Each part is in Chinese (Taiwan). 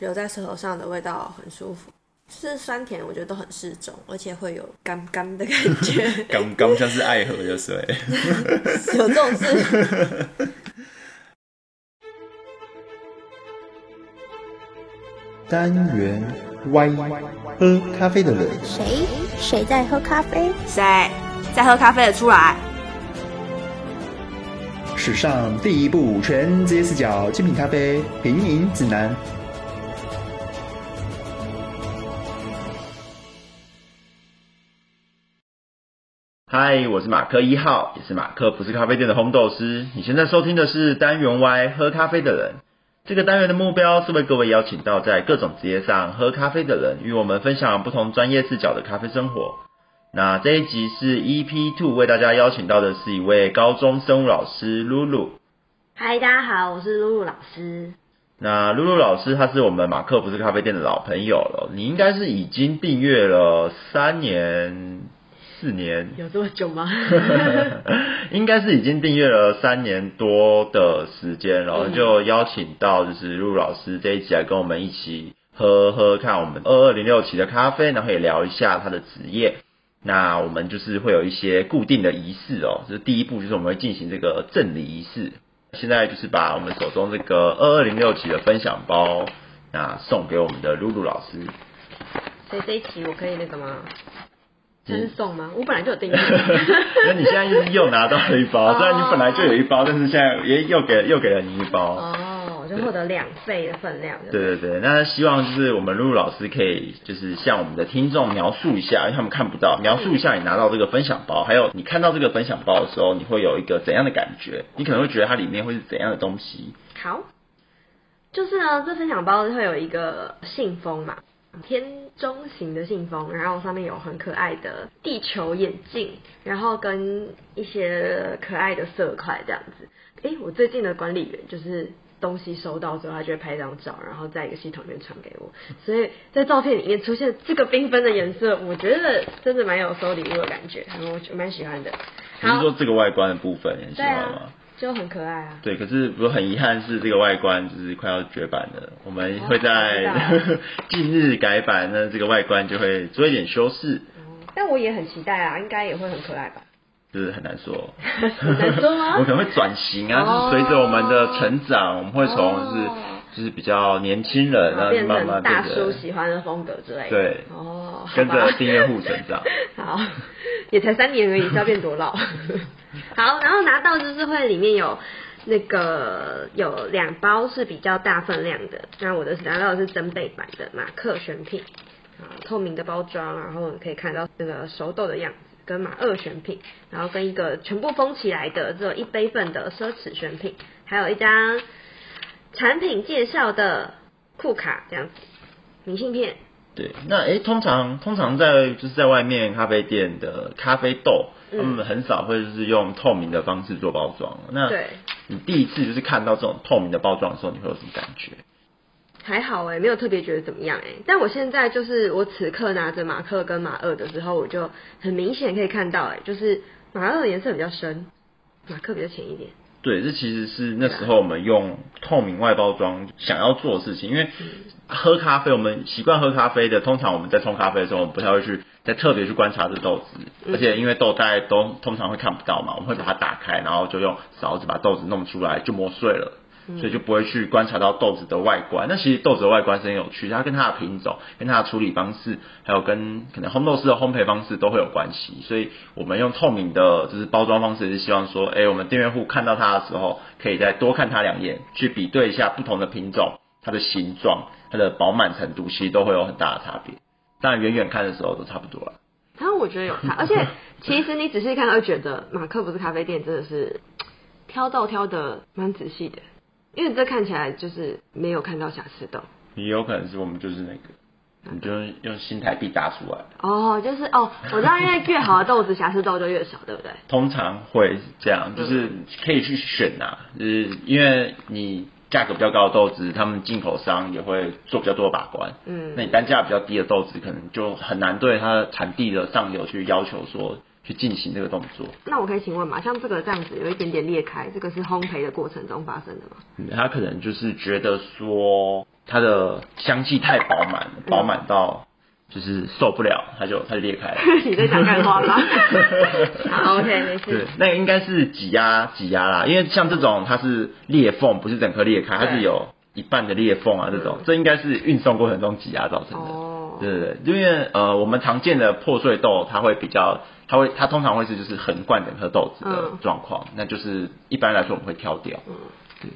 留在舌頭上的味道很舒服，就是酸甜，我覺得都很適中，而且會有甘甘的感覺， 甘甘，甘像是愛喝的水， 有這種事？單元 Y，喝咖啡的人，誰誰在喝咖啡？誰在喝咖啡的出來？史上第一部全職業視角精品咖啡品飲指南。嗨，Hi, 我是馬克一號，也是馬克不是咖啡店的烘豆師。你現在收聽的是單元歪喝咖啡的人。這個單元的目標是為各位邀請到在各種職業上喝咖啡的人，與我們分享不同專業視角的咖啡生活。那這一集是 EP Two 為大家邀請到的是一位高中生物老師嚕嚕。嗨，Hi, 大家好，我是嚕嚕老師。那嚕嚕老師，他是我們馬克不是咖啡店的老朋友了。你應該是已經訂閱了三年。四年有這麼久嗎？ 應該是已經訂閱了三年多的時間，然後就邀請到就是嚕嚕老師這一集來跟我們一起喝喝看我們二二零六期的咖啡，然後也聊一下他的職業。那我們就是會有一些固定的儀式哦、喔，就是第一步就是我們會進行這個贈禮儀式。現在就是把我們手中這個二二零六期的分享包那送給我們的嚕嚕老師。所以這一期我可以那個嗎？這是送嗎？我本來就有訂。 那你現在又拿到了一包，雖然你本來就有一包，但是現在也又給又給了你一包，oh, 對對對對。哦，我就獲得兩倍的分量。對對對，那希望就是我們嚕嚕老師，可以就是向我們的聽眾描述一下，因為他們看不到，描述一下你拿到這個分享包，還有你看到這個分享包的時候，你會有一個怎樣的感覺？你可能會覺得它裡面會是怎樣的東西？好，就是呢，這分享包會有一個信封嘛，天。中型的信封，然後上面有很可愛的地球眼鏡，然後跟一些可愛的色塊這樣子。誒、欸，我最近的管理員就是東西收到之後，他就會拍一張照，然後在一個系統裡面傳給我。所以在照片裡面出現這個繽紛的顏色，我覺得真的蠻有收禮物的感覺，我蠻喜歡的。你是說這個外觀的部分你喜歡嗎？就很可愛啊！對，可是不過很遺憾是這個外觀就是快要絕版了，我們會在、哦、 近日改版，那這個外觀就會做一點修飾、嗯。但我也很期待啊，應該也會很可愛吧？就是很難說，很 難說嗎？ 我可能會轉型啊，就、哦、是隨着我們的成長，我們會從、就是。就是比較年輕人，然後變成大叔喜歡的風格之類的。對，哦、oh, 吧，跟着訂閱戶成長。好， 也才三年而已， 要變多老？ 好，然後拿到就是會裡面有那個有兩包是比較大分量的，那我的是拿到的是增倍版的馬克選品，透明的包裝，然後可以看到那個熟豆的樣子，跟馬二選品，然後跟一個全部封起來的只有一杯份的奢侈選品，還有一張。產品介紹的庫卡這樣子，明信片。對，那哎、欸，通常通常在就是在外面咖啡店的咖啡豆，嗯、他們很少會就是用透明的方式做包裝。那對。你第一次就是看到這種透明的包裝的時候，你會有什麼感覺？還好哎、欸，沒有特別覺得怎麼樣哎、欸。但我現在就是我此刻拿着馬克跟馬二的時候，我就很明顯可以看到哎、欸，就是馬二的顏色比較深，馬克比較淺一點。對，這其實是那時候我們用透明外包裝想要做的事情，因為喝咖啡，我們習慣喝咖啡的，通常我們在沖咖啡的時候，我們不太會去再特別去觀察這豆子，而且因為豆大家都通常會看不到嘛，我們會把它打開，然後就用勺子把豆子弄出來，就磨碎了。所以就不會去觀察到豆子的外觀，那其實豆子的外觀是很有趣，它跟它的品種、跟它的處理方式，還有跟可能烘豆師的烘焙方式都會有關係。所以我們用透明的，就是包裝方式是希望說，哎、欸，我們訂閱戶看到它的時候，可以再多看它兩眼，去比對一下不同的品種，它的形狀、它的飽滿程度，其實都會有很大的差別。當然，遠遠看的時候都差不多了。然後、啊、我覺得有差，而且其實你仔細看會覺得，馬克不是咖啡店，真的是挑豆挑的蠻仔細的。因為這看起來就是沒有看到瑕疵豆，也有可能是我們就是那個，啊、你就用新台幣砸出來。哦，就是哦，我知道，因為越好的豆子 瑕疵豆就越少，對不對？通常會是這樣，就是可以去選吶、啊，嗯、就是因為你價格比較高的豆子，他們進口商也會做比較多的把關。嗯，那你單價比較低的豆子，可能就很難對它產地的上游去要求說。去進行這個動作。那我可以請問嗎？像這個這樣子有一點點裂開，這個是烘焙的過程中發生的嗎、嗯？他可能就是覺得說它的香氣太飽滿，飽滿到就是受不了，他就他就裂開了。 你在講幹話嗎 ？OK，沒事。對，那個、應該是擠壓擠壓啦，因為像這種它是裂縫，不是整顆裂開，它是有一半的裂縫啊，這種對這應該是運送過程中擠壓造成的。哦對，對，對，對因為呃，我們常見的破碎豆，它會比較，它會，它通常會是就是橫貫整顆豆子的狀況，嗯、那就是一般來說我們會挑掉。嗯，對。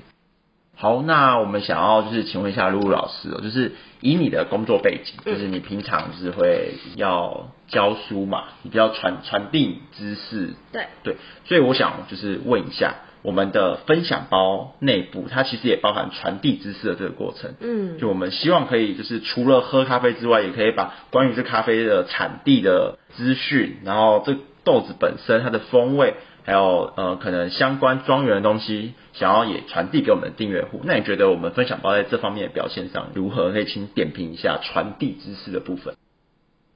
好，那我們想要就是請問一下嚕嚕老師哦，就是以你的工作背景，就是你平常是會要教書嘛，你比較傳傳遞知識。對。對，所以我想就是問一下。我們的分享包內部，它其實也包含傳遞知識的這個過程。嗯，就我們希望可以，就是除了喝咖啡之外，也可以把關於這咖啡的產地的資訊，然後這豆子本身它的風味，還有呃可能相關莊園的東西，想要也傳遞給我們的訂閱戶。那你覺得我們分享包在這方面的表現上如何？可以請點評一下傳遞知識的部分。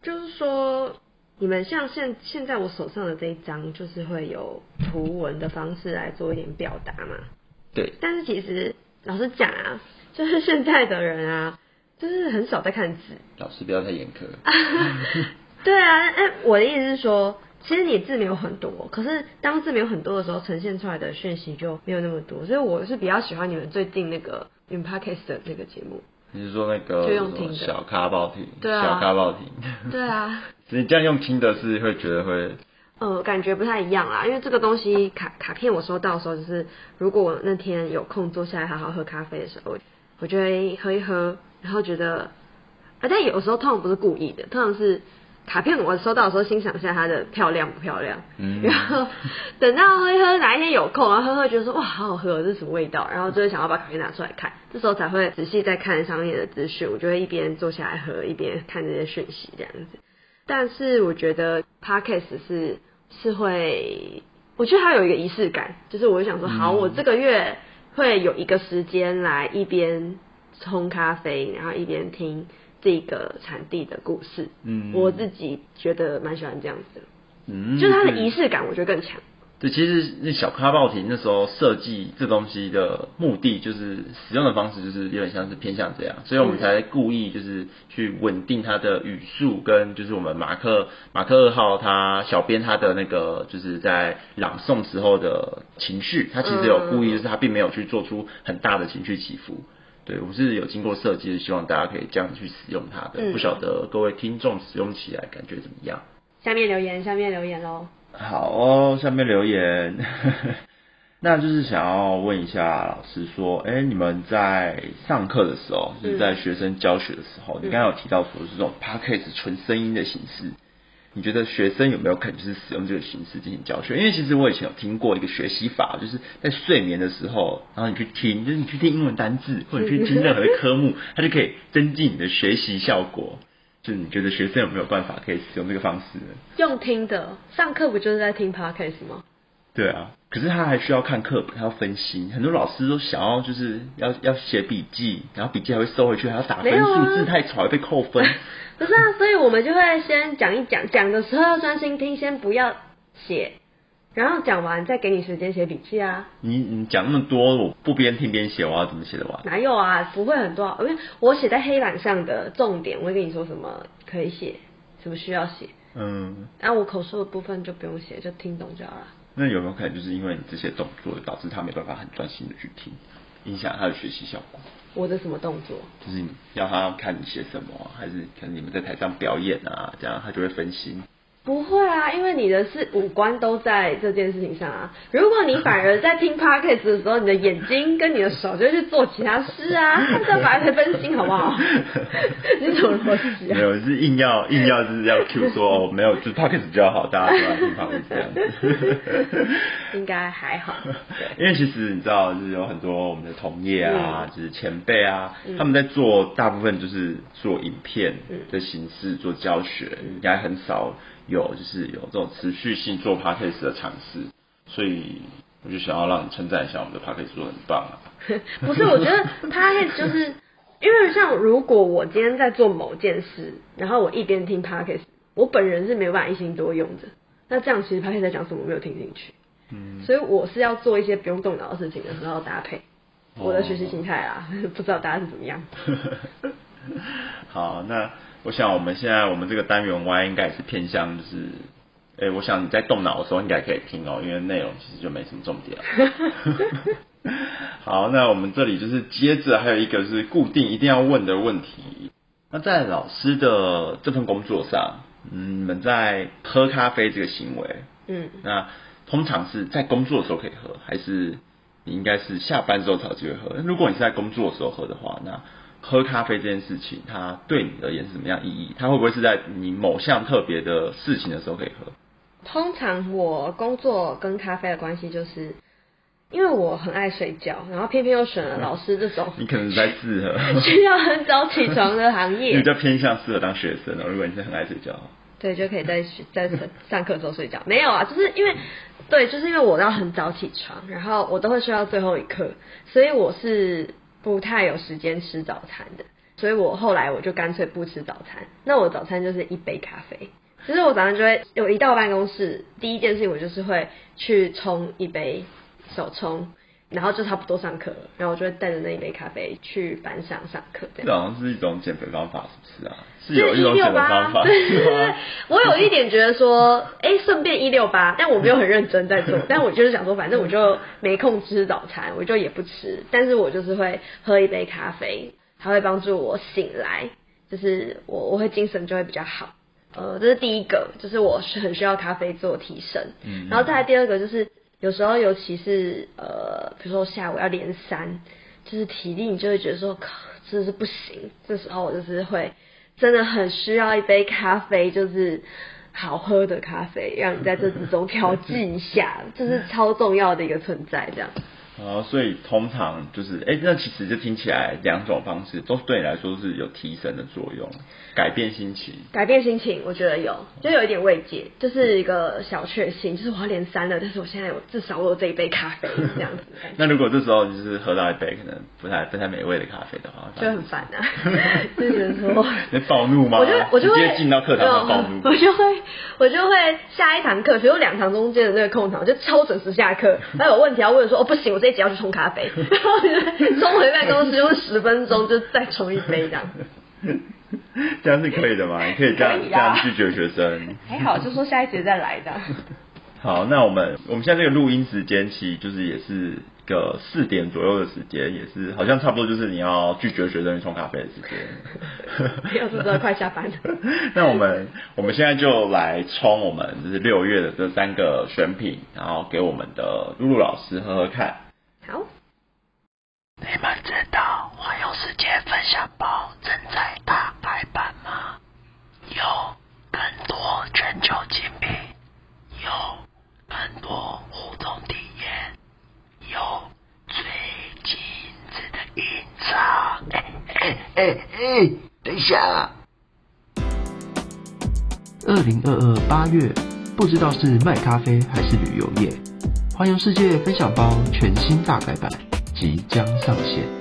就是說。你們像現現在我手上的這一張，就是會有圖文的方式來做一點表達嘛？對。但是其實老實講啊，就是現在的人啊，就是很少在看字。老師不要太嚴苛。 對啊，我的意思是說，其實你字沒有很多，可是當字沒有很多的時候，呈現出來的訊息就沒有那麼多，所以我是比較喜歡你們最近那個 in podcast 的這個節目。你是說那個就用聽的小咖爆聽？對，小咖爆聽。對啊。對啊 你這樣用聽的是會覺得會？呃，感覺不太一樣啦，因為這個東西卡卡片我收到的時候，就是如果我那天有空坐下來好好喝咖啡的時候，我就會喝一喝，然後覺得，啊、呃，但有時候通常不是故意的，通常是。卡片我收到的時候，欣賞一下它的漂亮不漂亮，然後等到喝一喝哪一天有空，然後喝喝覺得說，哇好好喝，這是什麼味道，然後就會想要把卡片拿出來看，這時候才會仔細再看上面的資訊。我就會一邊坐下來喝，一邊看這些訊息這樣子。但是我覺得 Podcast 是是會，我覺得它有一個儀式感，就是我就想說好，我這個月會有一個時間來一邊沖咖啡，然後一邊聽。這個產地的故事，嗯，我自己覺得蠻喜歡這樣子的，嗯，就是它的儀式感，我覺得更強。對，其實那小咖報亭那時候設計這東西的目的，就是使用的方式，就是有點像是偏向這樣，所以我們才故意就是去穩定它的語速，跟就是我們馬克、嗯、馬克二號他小編他的那個就是在朗誦時候的情緒，他其實有故意、嗯、就是他並沒有去做出很大的情緒起伏。對，我是有經過設計的，希望大家可以這樣去使用它的，嗯、不曉得各位聽眾使用起來感覺怎麼樣？下面留言，下面留言嘍。好哦，下面留言。 那就是想要問一下老師說，哎，你們在上課的時候，就是在學生教學的時候，嗯、你剛才有提到說是這種 podcast 純聲音的形式。你覺得學生有沒有可能就是使用這個形式進行教學？因為其實我以前有聽過一個學習法，就是在睡眠的時候，然後你去聽，就是你去聽英文單字，或者去聽任何的科目，它就可以增進你的學習效果。就是你覺得學生有沒有辦法可以使用這個方式呢？用聽的，上課不就是在聽 Podcast 嗎？對啊，可是他還需要看課本，他要分析。很多老師都想要，就是要要寫筆記，然後筆記還會收回去，還要打分數，字太醜還被扣分。不是啊， 所以我們就會先講一講，講的時候專心聽，先不要寫，然後講完再給你時間寫筆記啊。你你講那麼多，我不邊聽邊寫，我要怎麼寫得完？哪有啊，不會很多，因為我寫在黑板上的重點，我會跟你說什麼可以寫，什麼需要寫。嗯。那、啊、我口述的部分就不用寫，就聽懂就好了。那有沒有可能，就是因為你這些動作，導致他沒辦法很專心的去聽，影響他的學習效果？我的什麼動作？就是你要他看你寫什麼，還是可能你們在台上表演啊，這樣他就會分心。不會啊，因為你的是五官都在這件事情上啊。如果你反而在聽 podcast 的時候， 你的眼睛跟你的手就會去做其他事啊，這樣反而會分心，好不好？ 你怎麼邏輯啊？沒有，就是硬要硬要就是要，Q 說， 哦，沒有，就是 podcast 比較好，大家不要聽 podcast 這樣子 s 應該還好，因為其實你知道，就是有很多我們的同業啊，嗯、就是前輩啊，他們在做大部分就是做影片的形式、嗯、做教學，應該很少。有就是有這種持續性做 podcast 的嘗試，所以我就想要讓你稱讚一下我們的 podcast 做的很棒啊！ 不是，我覺得 podcast 就是 因為像如果我今天在做某件事，然後我一邊聽 podcast，我本人是沒有辦法一心多用的。那這樣其實 podcast 在講什麼我沒有聽進去，嗯，所以我是要做一些不用動腦的事情的，然後搭配我的學習心態啊，哦、 不知道大家是怎麼樣。 好，那。我想我們現在我們這個單元 Y 應該也是偏向就是，哎，我想你在動腦的時候應該可以聽哦，因為內容其實就沒什麼重點了。 好，那我們這裡就是接着還有一個是固定一定要問的問題。那在老師的這份工作上，嗯，你們在喝咖啡這個行為，嗯，那通常是在工作的時候可以喝，還是你應該是下班之後才有機會喝？如果你是在工作的時候喝的話，那喝咖啡這件事情，它對你而言是什麼樣意義？它會不會是在你某項特別的事情的時候可以喝？通常我工作跟咖啡的關係就是，因為我很愛睡覺，然後偏偏又選了老師這種， 你可能在適合需要很早起床的行業。 你比較偏向適合當學生喔。如果你是很愛睡覺，對，就可以在學在上上課的時候睡覺。 沒有啊，就是因為對，就是因為我要很早起床，然後我都會睡到最後一刻，所以我是。不太有時間吃早餐的，所以我後來我就乾脆不吃早餐。那我早餐就是一杯咖啡，其實我早上就會有一到辦公室，第一件事情我就是會去沖一杯手沖，然後就差不多上課了。然後我就會帶着那一杯咖啡去班上上課。這好像是一種減肥方法，是不是啊？就一六八,是有一六八，對,對,對，是嗎我有一點覺得說，哎、 欸，順便一六八，但我沒有很認真在做， 但我就是想說，反正我就沒空吃早餐，我就也不吃，但是我就是會喝一杯咖啡，它會幫助我醒來，就是我我會精神就會比較好，呃，這是第一個，就是我是很需要咖啡做提神。嗯，然後再來第二個就是有時候尤其是呃，比如說下午要連三，就是體力你就會覺得說，靠，真的是不行，這時候我就是會。真的很需要一杯咖啡，就是好喝的咖啡，讓你在這之中調劑一下，這 是超重要的一個存在。這樣啊，所以通常就是，哎、欸，那其實就聽起來兩種方式都對你來說是有提神的作用。改變心情，改變心情，我覺得有，就有一點慰藉，就是一個小確幸，就是我要連三了，但是我現在有至少我有這一杯咖啡這樣子。 那如果這時候就是喝到一杯可能不太不太美味的咖啡的話，就很煩啊， 就是說，你暴怒嗎？我覺得我就會直接進到課堂上暴怒，我就會我就會下一堂課，只有兩堂中間的那個空堂，就超準時下課，還有問題要問說， 哦不行，我這一節要去沖咖啡，然後 衝回辦公室用十分鐘就再沖一杯這樣。 這樣是可以的嗎？你可以這樣這樣拒絕學生？還好，就說下一節再來的。好，那我們我們現在這個錄音時間其實就是也是個四點左右的時間，也是好像差不多就是你要拒絕學生沖咖啡的時間。差不多快下班了。那我們我們現在就來沖我們就是六月的這三個選品，然後給我們的嚕嚕老師喝喝看。好。你們知道環遊世界分享包正在打改版嗎？有更多全球精品，有更多互動體驗，有最精緻的隱藏。哎哎哎哎，等一下啦！二零二二八月，不知道是賣咖啡還是旅遊業，《環遊世界分享包》全新大改版即將上線。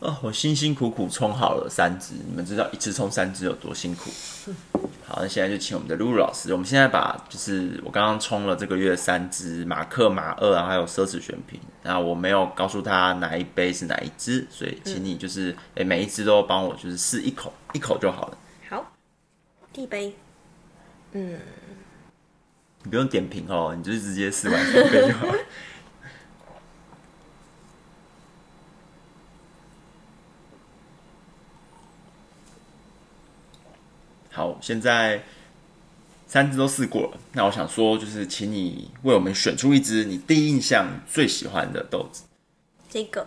哦，我辛辛苦苦沖好了三支，你們知道一次沖三支有多辛苦？嗯、好，那現在就請我們的嚕嚕老師，我們現在把就是我剛剛沖了這個月三支馬克馬二，然後還有奢侈選品。那我沒有告訴他哪一杯是哪一支，所以請你就是、嗯欸、每一只都幫我就是試一口，一口就好了。好，第一杯，嗯，你不用點評哦，你就直接試完三杯就好。 好，現在三支都試過了，那我想說，就是請你為我們選出一支你第一印象最喜歡的豆子。這個？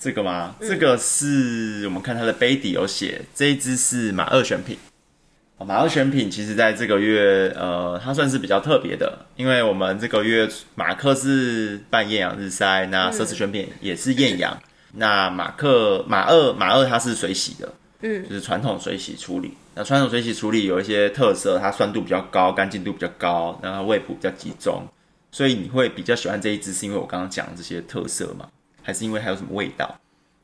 這個嗎？嗯、這個是我們看它的杯底有寫，這一支是馬二選品。哦、馬二選品其實在這個月，呃，它算是比較特別的，因為我們這個月馬克是半豔陽日曬，那奢侈選品也是豔陽，嗯、那馬克馬二馬二它是水洗的，嗯，就是傳統水洗處理。那傳統水洗處理有一些特色，它酸度比較高，乾淨度比較高，然後味譜比較集中，所以你會比較喜歡這一支，是因為我剛剛講的這些特色嗎？還是因為還有什麼味道？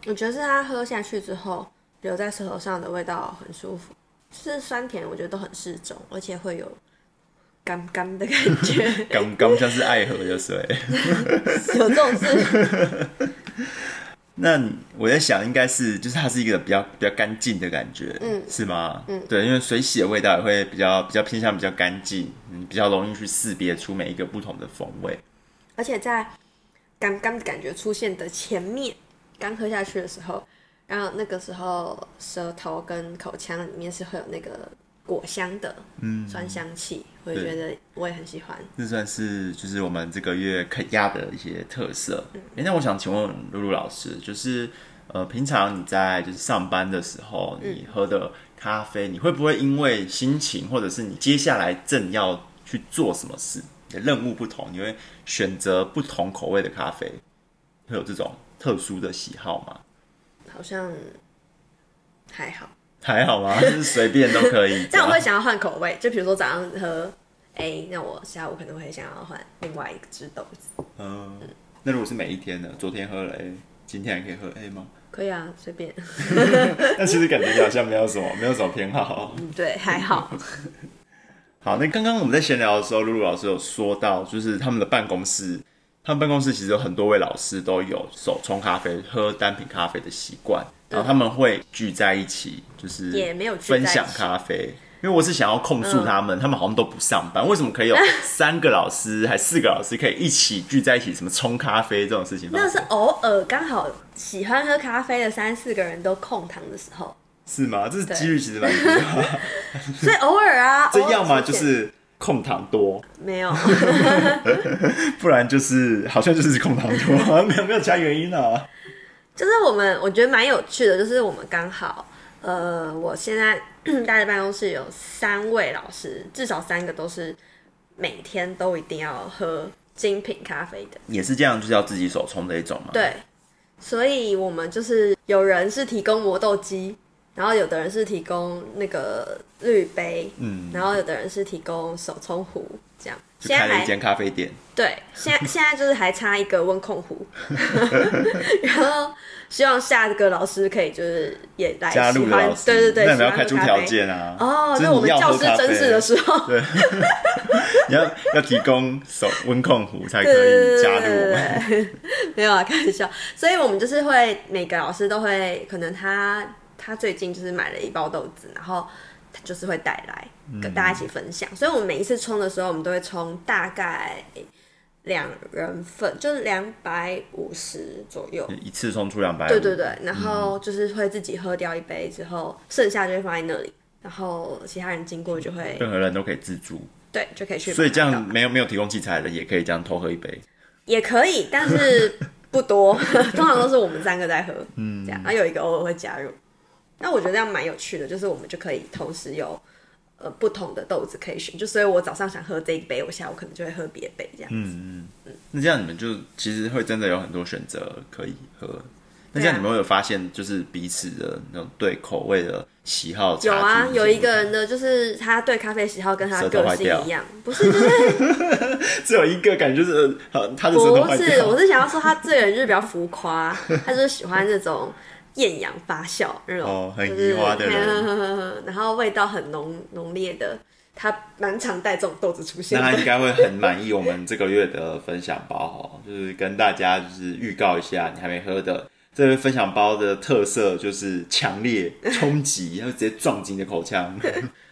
我覺得是它喝下去之後留在舌頭上的味道很舒服，是酸甜，我覺得都很適中，而且會有乾乾的感覺，乾乾 像是愛喝的水，有 這種事。 那我在想，應該是就是它是一個比較比較乾淨的感覺，嗯、是嗎？嗯，對，因為水洗的味道也會比較比較偏向比較乾淨，嗯，比較容易去識別出每一個不同的風味。而且在剛剛感覺出現的前面，剛喝下去的時候，然後那個時候舌頭跟口腔裡面是會有那個。果香的香，嗯，酸香氣，我也覺得我也很喜歡。這算是就是我們這個月肯亞的一些特色。哎、嗯欸，那我想請問嚕嚕老師，就是呃，平常你在就是上班的時候，你喝的咖啡，你會不會因為心情，嗯、或者是你接下來正要去做什麼事，你的任務不同，你會選擇不同口味的咖啡，會有這種特殊的喜好嗎？好像還好。還好嗎？就是隨便都可以。 但我會想要換口味，就比如說早上喝 A，那我下午可能會想要換另外一支豆子。嗯，嗯，那如果是每一天呢，昨天喝了 A，今天還可以喝 A 嗎？可以啊，隨便。 那其實感覺好像沒有什麼，沒有什麼偏好。嗯，對，還好。 好，那剛剛我們在閒聊的時候，嚕嚕老師有說到，就是他們的辦公室。他們辦公室其實有很多位老師都有手沖咖啡、喝單品咖啡的習慣，然後他們會聚在一起，就是也沒有分享咖啡。因為我是想要控訴他們，嗯、他們好像都不上班，為什麼可以有三個老師還四個老師可以一起聚在一起？什麼沖咖啡這種事情？那是偶爾剛好喜歡喝咖啡的三四個人都空堂的時候。是嗎？這是幾率其實蠻低。對 所以偶爾啊，這要麼就是。控糖多沒有， 不然就是好像就是控糖多，沒有沒有其他原因啊。就是我們我覺得蠻有趣的，就是我們剛好呃，我現在待 在辦公室有三位老師，至少三個都是每天都一定要喝精品咖啡的，也是這樣，就是要自己手沖的一種嘛。對，所以我們就是有人是提供磨豆機。然後有的人是提供那個濾杯，嗯，然後有的人是提供手沖壺，這樣。開了一間咖啡店。在對，現現在就是還差一個溫控壺。 然後希望下一個老師可以就是也來加入。對對對，但你要開出條件啊。哦，啊、就是我們教師甄試的時候。對。 你要要提供手溫控壺才可以加入對對對對對對。沒有啊，開玩笑。所以我們就是會每個老師都會可能他。他最近就是買了一包豆子，然後他就是會帶來跟大家一起分享。嗯、所以，我們每一次沖的時候，我們都會沖大概兩人份，就是兩百五十左右。一次沖出兩百。對對對，然後就是會自己喝掉一杯之後，嗯、剩下就會放在那裡，然後其他人經過就會。任何人都可以自助。對，就可以去他他。所以這樣沒有沒有提供器材的也可以這樣偷喝一杯。也可以，但是不多， 通常都是我們三個在喝，嗯，這樣，然後有一個偶爾會加入。那我覺得這樣蠻有趣的，就是我們就可以同時有、呃、不同的豆子可以選，就所以我早上想喝這一杯，我下午可能就會喝別杯這樣。嗯嗯那這樣你們就其實會真的有很多選擇可以喝。啊、那這樣你們會有發現就是彼此的那種對口味的喜好？有啊，有一個人呢就是他對咖啡喜好跟他的個性一樣，不是就是 只有一個感覺、就是他是不是？我是想要說他這個人就是比較浮誇， 他就是喜歡這種。豔氧發酵、就是哦、很野花的，然後味道很濃濃烈的，它蠻常帶這種豆子出現。那他應該會很滿意我們這個月的分享包 就是跟大家就是預告一下，你還沒喝的這個分享包的特色就是強烈衝擊，然後 直接撞進你的口腔。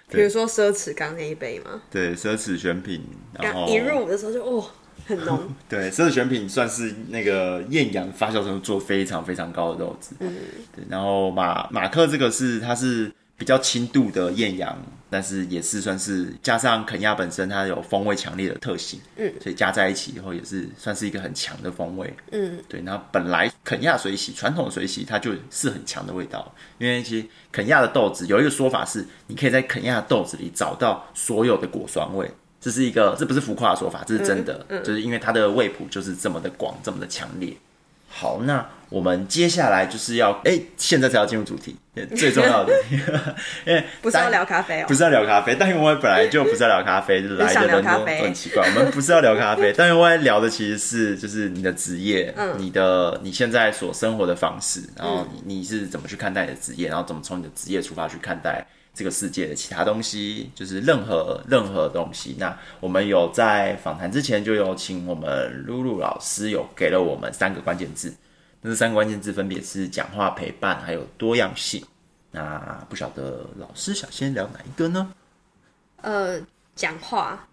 比如說奢侈剛那一杯嘛？對，奢侈選品，然後一入伍的時候就哦。很濃， 對，這個選品算是那個厭氧發酵程度做非常非常高的豆子，嗯，對，然後馬馬克這個是它是比較輕度的厭氧，但是也是算是加上肯亞本身它有風味強烈的特性，嗯，所以加在一起以後也是算是一個很強的風味，嗯，對，那本來肯亞水洗傳統的水洗它就是很強的味道，因為其實肯亞的豆子有一個說法是，你可以在肯亞的豆子裡找到所有的果酸味。這是一個，這不是浮誇的說法，這是真的，嗯嗯、就是因為它的味譜就是這麼的廣，這麼的強烈。好，那我們接下來就是要，哎，現在才要進入主題，最重要的， 因為不是要聊咖啡哦，不是要聊咖啡，但因為本來就不是要聊咖啡， 來的人都，很奇怪，我們不是要聊咖啡， 但因為聊的其實是就是你的職業，嗯、你的你現在所生活的方式，然後你、嗯、你是怎麼去看待你的職業，然後怎麼從你的職業出發去看待。這個世界的其他東西，就是任何任何東西。那我們有在訪談之前就有請我們嚕嚕老師有給了我們三個關鍵字，那這三個關鍵字分別是講話、陪伴還有多樣性。那不曉得老師想先聊哪一個呢？呃，講話。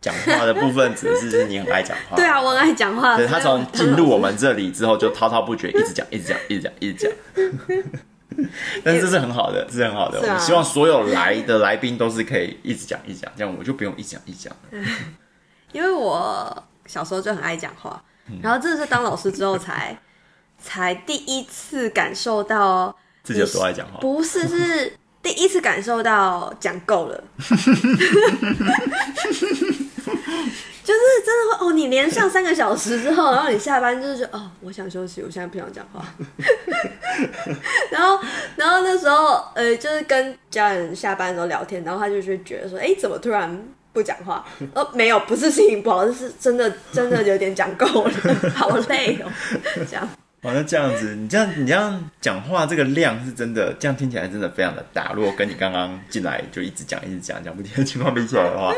講話的部分指的是你很愛講話。 對啊，我很愛講話。可是他從進入我們這裡之後就滔滔不絕， 一直講，一直講，一直講，一直講。 但是這是很好的，為是很好的。啊、我希望所有來的來賓都是可以一直講一講，這樣我就不用一講一講了。因為我小時候就很愛講話，嗯、然後這是當老師之後才 才第一次感受到自己有多愛講話，不是是第一次感受到講夠了。 就是真的會哦，你連上三個小時之後，然後你下班就是說哦，我想休息，我現在不想講話。 然後，然後那時候呃，就是跟家人下班的時候聊天，然後他就覺得說，哎、欸，怎麼突然不講話？哦、呃，沒有，不是心情不好，就是真的真的有點講夠了，好累哦，這樣。好、啊。那這樣子，你這樣你這樣講話這個量是真的，這樣聽起來真的非常的大。如果跟你剛剛進來就一直講一直講講不停的情況比起來的話，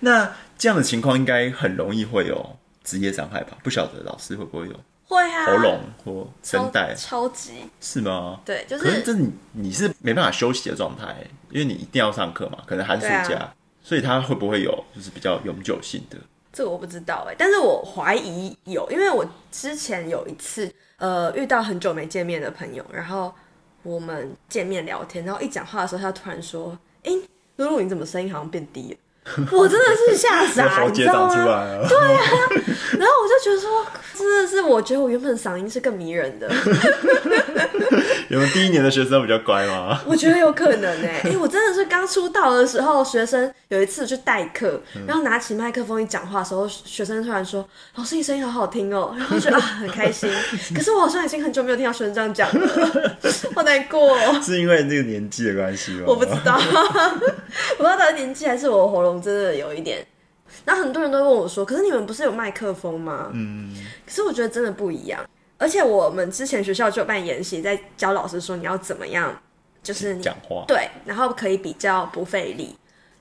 那。這樣的情況應該很容易會有職業傷害吧？不曉得老師會不會有會啊喉嚨或聲帶超級是嗎？啊、是嗎？對，就是可是這你你是沒辦法休息的狀態，因為你一定要上課嘛，可能寒暑假，啊、所以他會不會有就是比較永久性的？這個我不知道哎，但是我懷疑有，因為我之前有一次呃遇到很久沒見面的朋友，然後我們見面聊天，然後一講話的時候，他突然說：“哎，嚕嚕你怎麼聲音好像變低了？” 我真的是嚇傻， 你知道嗎？ 對啊，然後我就覺得說，真的是，我覺得我原本的嗓音是更迷人的。 你有，有第一年的學生比較乖嗎？ 我覺得有可能哎、欸，哎、欸，我真的是剛出道的時候，學生有一次去代課，然後拿起麥克風一講話的時候，學生突然說：“老師，你聲音好好聽哦、喔。”然後我覺得啊很開心。可是我好像已經很久沒有聽到學生這樣講了，好難 過。是因為那個年紀的關係嗎？我不知道， 我不知道的年紀還是我喉嚨真的有一點。然後很多人都問我說：“可是你們不是有麥克風嗎？”嗯，可是我覺得真的不一樣。而且我們之前學校就有辦演習，在教老師說，你要怎麼樣，就是講話對，然後可以比較不費力。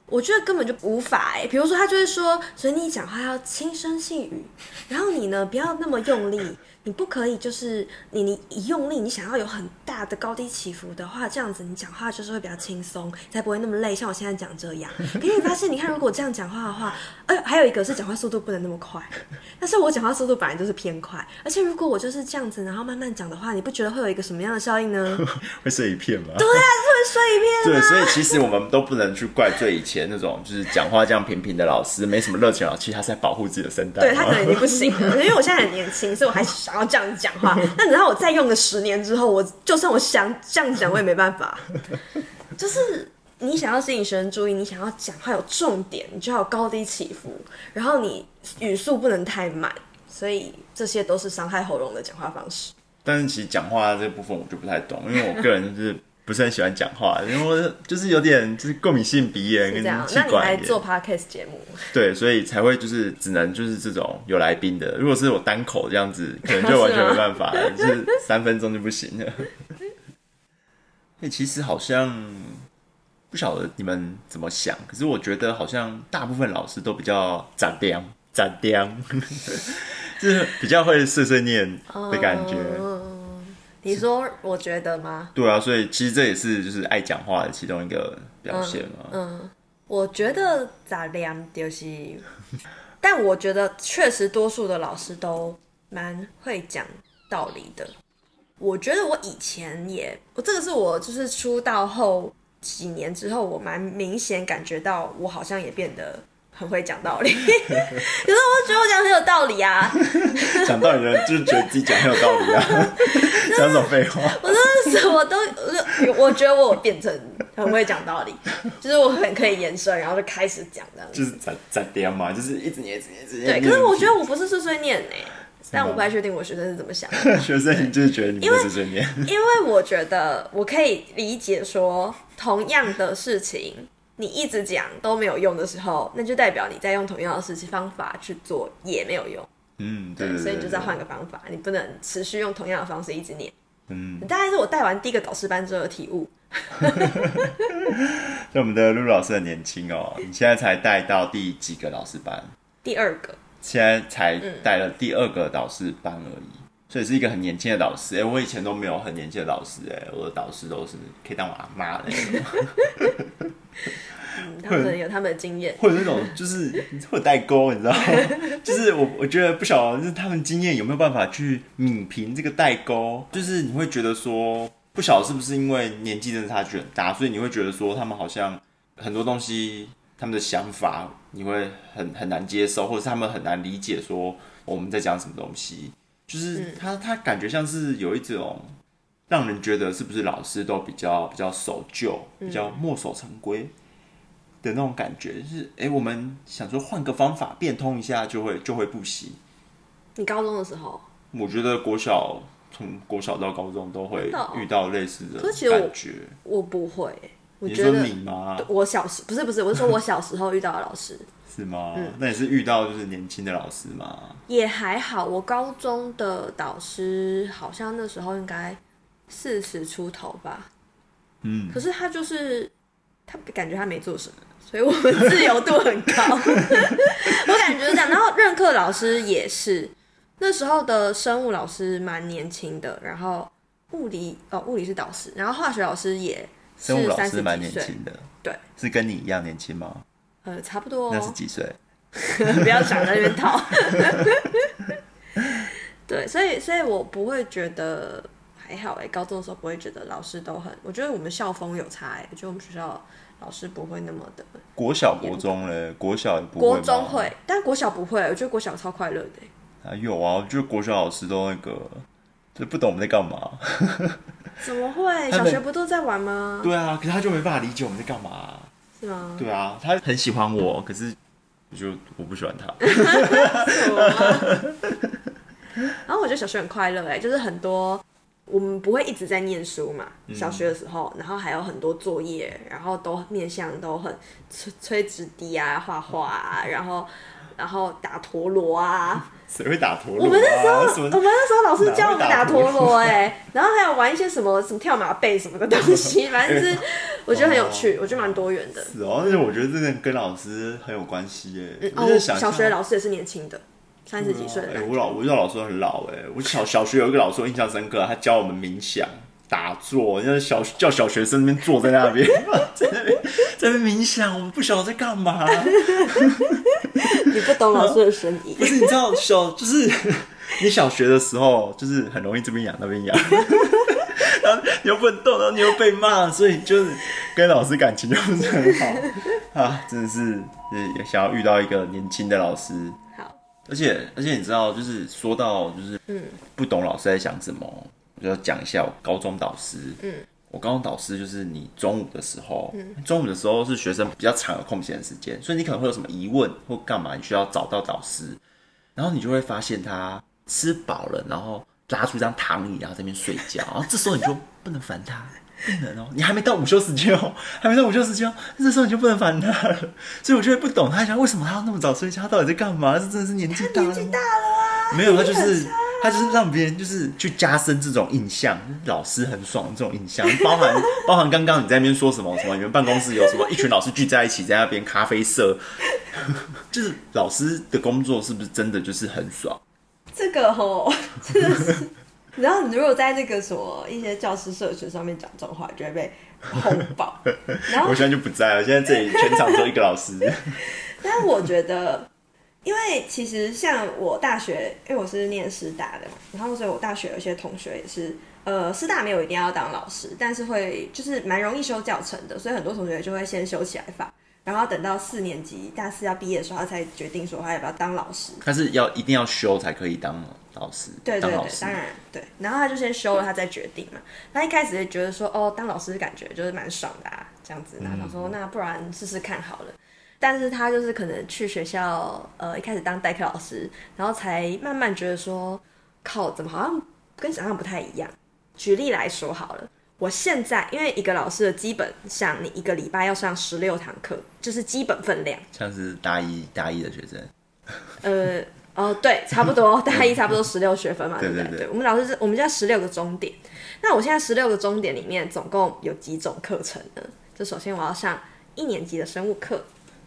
我覺得根本就無法誒，比如說他就會說，所以你講話要輕聲細語，然後你呢，不要那麼用力。 你不可以，就是你你一用力，你想要有很大的高低起伏的話，這樣子你講話就是會比較輕鬆，才不會那麼累。像我現在講這樣，可是你發現，你看如果這樣講話的話，欸，還有一個是講話速度不能那麼快。但是我講話速度本來就是偏快，而且如果我就是這樣子，然後慢慢講的話，你不覺得會有一個什麼樣的效應呢？會睡一片嗎？對啊，是會睡一片。對，所以其實我們都不能去怪罪以前那種就是講話這樣平平的老師， 沒什麼熱情老師，他是在保護自己的聲帶。對，他可能已經不行了， 因為我現在很年輕，所以我還小。然後這樣講話，但等到我再用了十年之後，我就算我想這樣講，我也沒辦法。 就是你想要吸引學生注意，你想要講話有重點，你就要高低起伏，然後你語速不能太慢，所以這些都是傷害喉嚨的講話方式。但是其實講話這部分我就不太懂，因為我個人、就是。 不是很喜歡講話，因為我就是有點就是過敏性鼻炎跟氣管炎。那你來做 podcast 節目，對，所以才會就是只能就是這種有來賓的。如果是我單口這樣子，可能就完全沒辦法了，是嗎就是三分鐘就不行了。那 其實好像不曉得你們怎麼想，可是我覺得好像大部分老師都比較雜唸，雜唸，就是比較會碎碎念的感覺。Oh. 你說，我覺得嗎？對啊，所以其實這也是就是愛講話的其中一個表現嘛、嗯。嗯，我覺得雜唸就是， 但我覺得確實多數的老師都蠻會講道理的。我覺得我以前也，這個是我就是出道後幾年之後，我蠻明顯感覺到我好像也變得。很會講道理，可是我覺得我講很有道理啊。講 道理的人就是覺得自己講很有道理啊，講 是什麼廢話？我什麼都，我我覺得我變成很會講道理， 就是我很可以延伸，然後就開始講這樣子。就是在在幹嘛？就是一直念，一直念，對一直念。對，可是我覺得我不是碎碎念哎、欸，嗎但我不太確定我學生是怎麼想的。 學生你就是覺得你碎碎念因，因為我覺得我可以理解說同樣的事情。你一直講都沒有用的時候，那就代表你在用同樣的事情方法去做也沒有用。嗯，對，對，對，對，對。所以你就再換個方法，嗯、你不能持續用同樣的方式一直念。嗯，大概是我帶完第一個導師班之後的體悟。哈 哈 我們的露露老師很年輕哦，你現在才帶到第幾個導師班？第二個。現在才帶了第二個導師班而已。嗯所以是一個很年輕的導師，哎、欸，我以前都沒有很年輕的導師、欸，哎，我的導師都是可以當我阿嬤的。 他們有他們的經驗，會有那種就是會有代溝，你知道嗎？ 就是我我覺得不曉得，就是他們經驗有沒有辦法去弭平這個代溝？就是你會覺得說，不曉得是不是因為年紀的差距很大，所以你會覺得說，他們好像很多東西，他們的想法你會很很難接受，或者是他們很難理解說我們在講什麼東西。就是他，嗯、他感覺像是有一種讓人覺得是不是老師都比較比較守舊、嗯、比較墨守成規的那種感覺，就是哎、欸，我們想說換個方法變通一下就，就會就會不行。你高中的時候，我覺得國小從國小到高中都會遇到類似的感覺。我，我不會、欸，你覺得你嗎？我小時不是不是，我是說我小時候遇到的老師。 是嗎？那、嗯、也是遇到就是年輕的老師嗎？也還好，我高中的導師好像那時候應該四十出頭吧。嗯，可是他就是他感覺他沒做什麼，所以我們自由度很高。 我感覺這樣。然後任課老師也是那時候的生物老師，蠻年輕的。然後物理哦，物理是導師，然後化學老師也是三十，生物老師蠻年輕的，對，是跟你一樣年輕嗎？呃，差不多、哦。那是幾歲？ 不要想在那邊逃。 對，所以，所以我不會覺得還好哎。高中的時候不會覺得老師都很，我覺得我們校風有差哎。我覺得我們學校老師不會那麼的國國。國小、國中嘞？國小、國中會，但國小不會。我覺得國小超快樂的。還、啊、有啊，我覺得國小老師都那個，就不懂我們在幹嘛。 怎麼會？小學不都在玩嗎？對啊，可是他就沒辦法理解我們在幹嘛、啊。啊對啊，他很喜歡我，可是我就我不喜歡他。 然後我覺得小學很快樂哎，就是很多我們不會一直在念書嘛，小學的時候，然後還有很多作業，然後都面向都很吹吹直笛啊，畫畫啊，然後然後打陀螺啊。誰會打陀螺？啊？我們那時候，啊、我們那時候老師教我們打陀螺，欸，哎，然後還有玩一些什麼什麼跳馬背什麼的東西， 反正是我覺得很有趣， 我覺得蠻多元的。哦是哦，但是我覺得這個跟老師很有關係，哎、嗯，哦，小學老師也是年輕的，嗯哦、的三十幾歲。哎、哦欸，我老，我那老師很老，哎，我小小學有一個老師印象深刻，他教我們冥想打坐，人家小叫小學生那邊坐在那邊， 在那邊冥想，我們不曉得在幹嘛。 你不懂老師的深意，啊，不是，你知道小，就是你小學的時候就是很容易這邊癢那邊癢， 然後你又不能動，然後你又被罵，所以就是跟老師感情就不是很好啊，真的是，就是想要遇到一個年輕的老師好，而且而且你知道就是說到就是嗯，不懂老師在想什麼，我就要講一下我高中導師嗯。我剛剛導師就是你中午的時候，嗯、中午的時候是學生比較長的空閒時間，所以你可能會有什麼疑問或幹嘛，你需要找到導師，然後你就會發現他吃飽了，然後拉出一張躺椅，然後在那邊睡覺，然後這時候你就不能煩他， 不能哦，你還沒到午休時間哦，還沒到午休時間哦，這時候你就不能煩他。所以我就會不懂他，想為什麼他要那麼早睡覺，他到底在幹嘛？這真的是年紀大了？年紀大了啊、沒有他就是。他就是讓別人就是去加深這種印象，老師很爽這種印象，包含 包含剛剛你在那邊說什麼什麼你們辦公室有什麼一群老師聚在一起在那邊咖啡色。 就是老師的工作是不是真的就是很爽？這個吼，這個是，然後 你，你如果在那個什麼一些教師社群上面講這種話，就會被轟爆。然後 我現在就不在了，現在這裡全場只有一個老師。 但我覺得。因為其實像我大學，因為我是念師大的嘛，然後所以，我大學有些同學也是，呃，師大沒有一定要當老師，但是會就是蠻容易修教程的，所以很多同學就會先修起來放，然後等到四年級大四要畢業的時候，他才決定說他要不要當老師。但是要一定要修才可以當老師，對，對，對，對對當老師，當然對。然後他就先修了，他再決定嘛。他、嗯、一開始也覺得說，哦，當老師感覺就是蠻爽的啊，這樣子，那他說，那不然試試看好了。但是他就是可能去學校，呃，一開始當代課老師，然後才慢慢覺得說，靠，怎麼好像跟想象不太一樣。舉例來說好了，我現在因為一個老師的基本上，像你一個禮拜要上十六堂課，就是基本分量。像是大一大一的學生，呃，哦，對，差不多大一差不多十六學分嘛， 對對對，對。我們老師是我們家十六個鐘點。那我現在十六個鐘點裡面總共有幾種課程呢？就首先我要上一年級的生物課。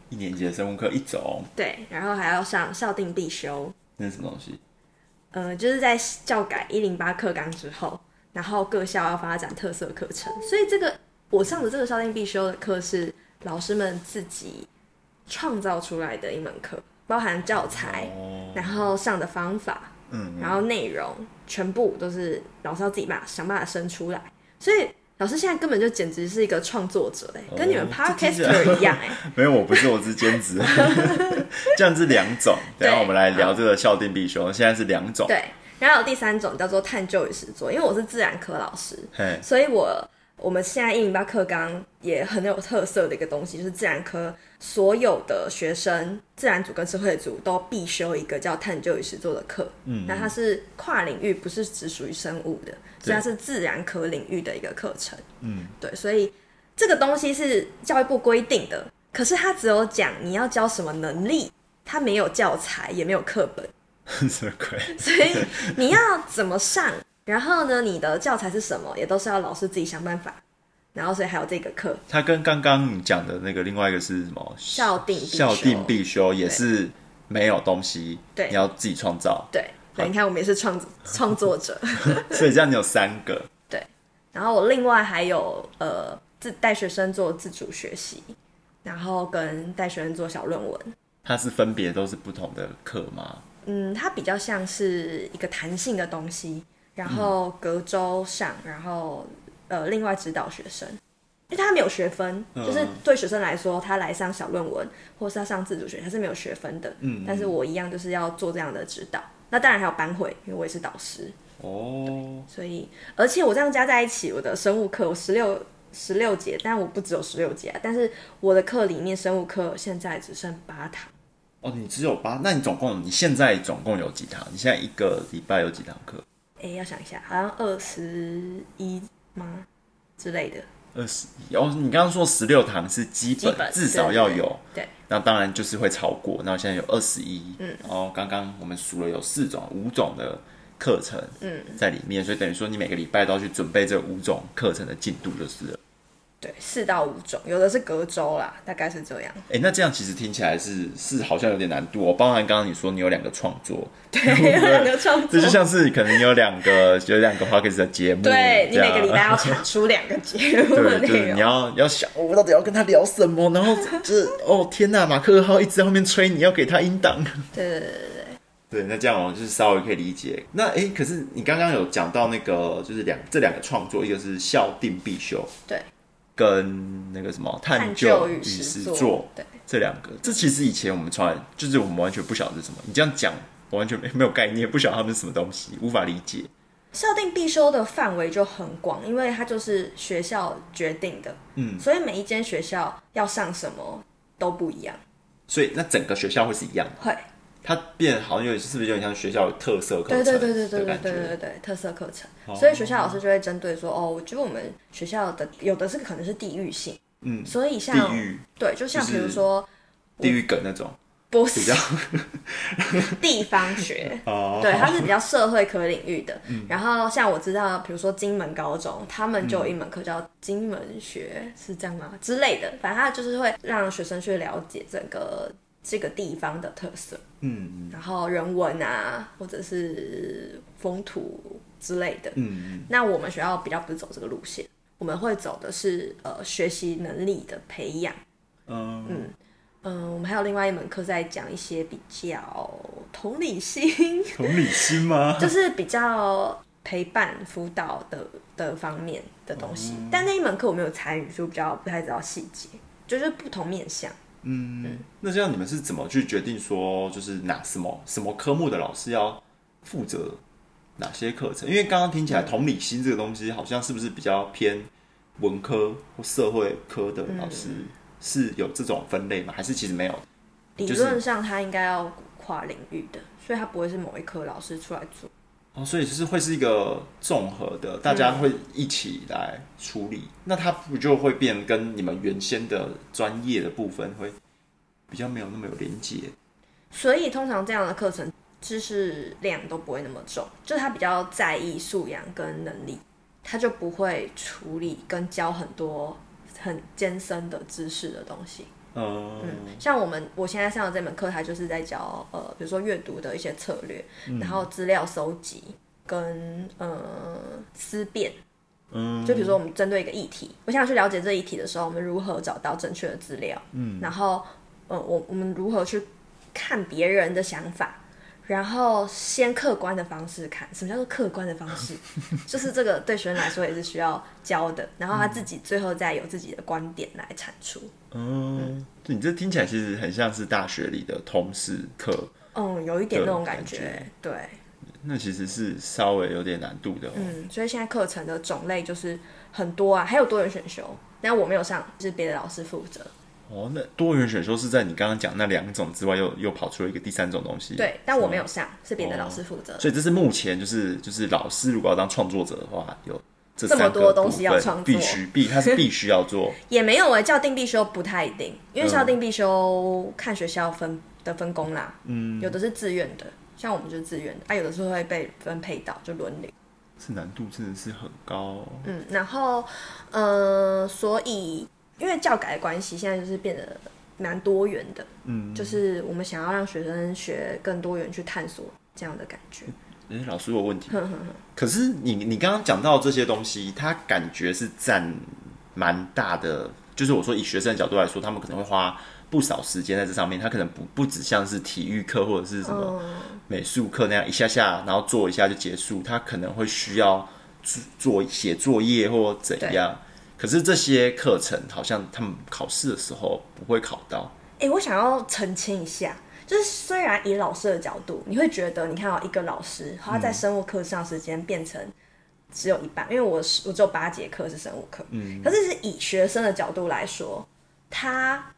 一年級的生物課一種，對，然後還要上校定必修，那是什麼東西？呃，就是在教改一零八課綱之後，然後各校要發展特色課程，所以這個我上的這個校定必修的課是老師們自己創造出來的一門課，包含教材，哦、然後上的方法，嗯，嗯，然後內容全部都是老師要自己把想辦法生出來，所以。老師現在根本就簡直是一個創作者哎、欸，哦、跟你們 Podcaster 一樣哎、欸。 沒有，我不是我之，我是兼職。這樣是兩種，等一下我們來聊這個校定必修，對現在是兩種。對，然後有第三種叫做探究與實作，因為我是自然科老師，嘿所以我。我們現在一零八課綱也很有特色的一個東西，就是自然科所有的學生，自然組跟社會組都必修一個叫探究與實作的課。嗯，嗯，那它是跨領域，不是只屬於生物的，對所以它是自然科領域的一個課程。嗯，對，所以這個東西是教育部規定的，可是它只有講你要教什麼能力，它沒有教材，也沒有課本。什麼 所以你要怎麼上？ 然後呢，你的教材是什麼？也都是要老師自己想辦法。然後，所以還有這個課，它跟剛剛你講的那個另外一個是什麼？校訂必修，校訂必修也是沒有東西，對，你要自己創造。對，好你看，我們也是創創 作者。 所以這樣你有三個。對。然後我另外還有呃，自帶學生做自主學習，然後跟帶學生做小論文。它是分別都是不同的課嗎？嗯，它比較像是一個彈性的東西。然後隔周上，嗯、然後呃，另外指導學生，因為他沒有學分，嗯、就是對學生來說，他來上小論文，或是他上自主學，他是沒有學分的。嗯，嗯，但是我一樣就是要做這樣的指導。那當然還有班會，因為我也是導師。哦，所以而且我這樣加在一起，我的生物課我十六十六節，但我不只有十六節啊。但是我的課裡面，生物課現在只剩八堂。哦，你只有八？那你總共你現在總共有幾堂？你現在一個禮拜有幾堂課？哎、欸，要想一下，好像二十一嗎之類的？二十一哦，你剛剛說十六堂是基本，基本至少要有。對，對，對，對，那當然就是會超過。那現在有二十一，嗯，然後剛剛我們數了有四種、五種的課程，嗯，在裡面，嗯、所以等於說你每個禮拜都要去準備這五種課程的進度就是了。對，四到五種，有的是隔周啦，大概是這樣。哎，那這樣其實聽起來是是好像有點難度哦，包含剛剛你說你有兩個創作，對，有兩個創作，這就像是可能有兩個有兩個 podcast 的節目，對，你每個禮拜要出兩個節目，對，你要要想我到底要跟他聊什麼，然後就是哦天吶，馬克二號一直在後面催你要給他音檔，對對對對，對，那這樣我就是稍微可以理解。那哎，可是你剛剛有講到那個就是兩這兩個創作，一個是校定必修，對。跟那個什麼探究與實作，對，這兩個，這其實以前我們從來就是我們完全不曉得是什麼，你這樣講完全沒沒有概念，不曉得他們是什麼東西，無法理解。校訂必修的範圍就很廣，因為它就是學校決定的，嗯，所以每一間學校要上什麼都不一樣。所以那整個學校會是一樣的？會。它變好像有，是不是有點像學校有特色課程？對對對對對對對對，特色課程。所以學校老師就會針對說，哦，我覺得我們學校的有的是可能是地域性，嗯，所以像對，就像比如說地域梗那種，不是，比較地方學，對，它是比較社會科領域的。然後像我知道，比如說金門高中，他們就有一門課叫金門學，是這樣嗎？之類的，反正它就是會讓學生去了解整個。這個地方的特色，嗯，然後人文啊，或者是風土之類的，嗯嗯。那我們學校比較不是走這個路線，我們會走的是呃學習能力的培養，嗯嗯，嗯，我們還有另外一門課在講一些比較同理心，同理心嗎？ 就是比較陪伴輔導的的方面的東西，嗯，但那一門課我沒有參與，所以比較不太知道細節，就是不同面向。嗯，那這樣你們是怎麼去決定說，就是哪什麼什麼科目的老師要負責哪些課程？因為剛剛聽起來同理心這個東西，好像是不是比較偏文科或社會科的老師，是有這種分類嗎？還是其實沒有？理論上他應該要跨領域的，所以他不會是某一科老師出來做。哦，所以就是會是一個綜合的，大家會一起來處理，嗯、那它不就會變成跟你們原先的專業的部分會比較沒有那麼有連結。所以通常這樣的課程知識量都不會那麼重，就它比較在意素養跟能力，它就不會處理跟教很多很艱深的知識的東西。Uh、嗯，像我們我現在上的這門課，它就是在教呃，比如說閱讀的一些策略，嗯、然後資料收集跟嗯、呃、思辨。嗯，就比如說我們針對一個議題，我想去了解這議題的時候，我們如何找到正確的資料？嗯，然後呃，我我們如何去看別人的想法？然後先客觀的方式看，什麼叫做客觀的方式？ 就是這個對學生來說也是需要教的，然後他自己最後再有自己的觀點來產出。嗯，嗯，這你這聽起來其實很像是大學裡的通識課。嗯，有一點那種感覺，對。那其實是稍微有點難度的哦。嗯，所以現在課程的種類就是很多啊，還有多元選修，但我沒有上，是別的老師負責。哦，那多元選修是在你剛剛講那兩種之外，又又跑出了一個第三種東西。對，但我沒有上，是別、啊、的老師負責、哦。所以這是目前就是就是老師如果要當創作者的話，有這,這麼多東西要創作，必須必他是必須要做。 也沒有哎，校定必修不太一定，因為校定必修看學校分的分工啦。嗯，有的是自願的，像我們就是自願的，啊，有的時候會被分配到就輪領。是難度真的是很高、哦。嗯，然後呃，所以。因為教改的關係，現在就是變得蠻多元的。嗯，就是我們想要讓學生學更多元去探索這樣的感覺。欸，老師，我有問題。呵呵呵。可是你你剛剛講到這些東西，他感覺是占蠻大的。就是我說以學生的角度來說，他們可能會花不少時間在這上面。他可能不不只像是體育課或者是什麼美術課那樣一下下，然後做一下就結束。他可能會需要做寫作業或怎樣。可是這些課程好像他們考試的時候不會考到。哎、欸，我想要澄清一下，就是雖然以老師的角度，你會覺得你看到一個老師他在生物課上的時間變成只有一半，嗯、因為我我只有八節課是生物課，嗯、可是，是以學生的角度來說，他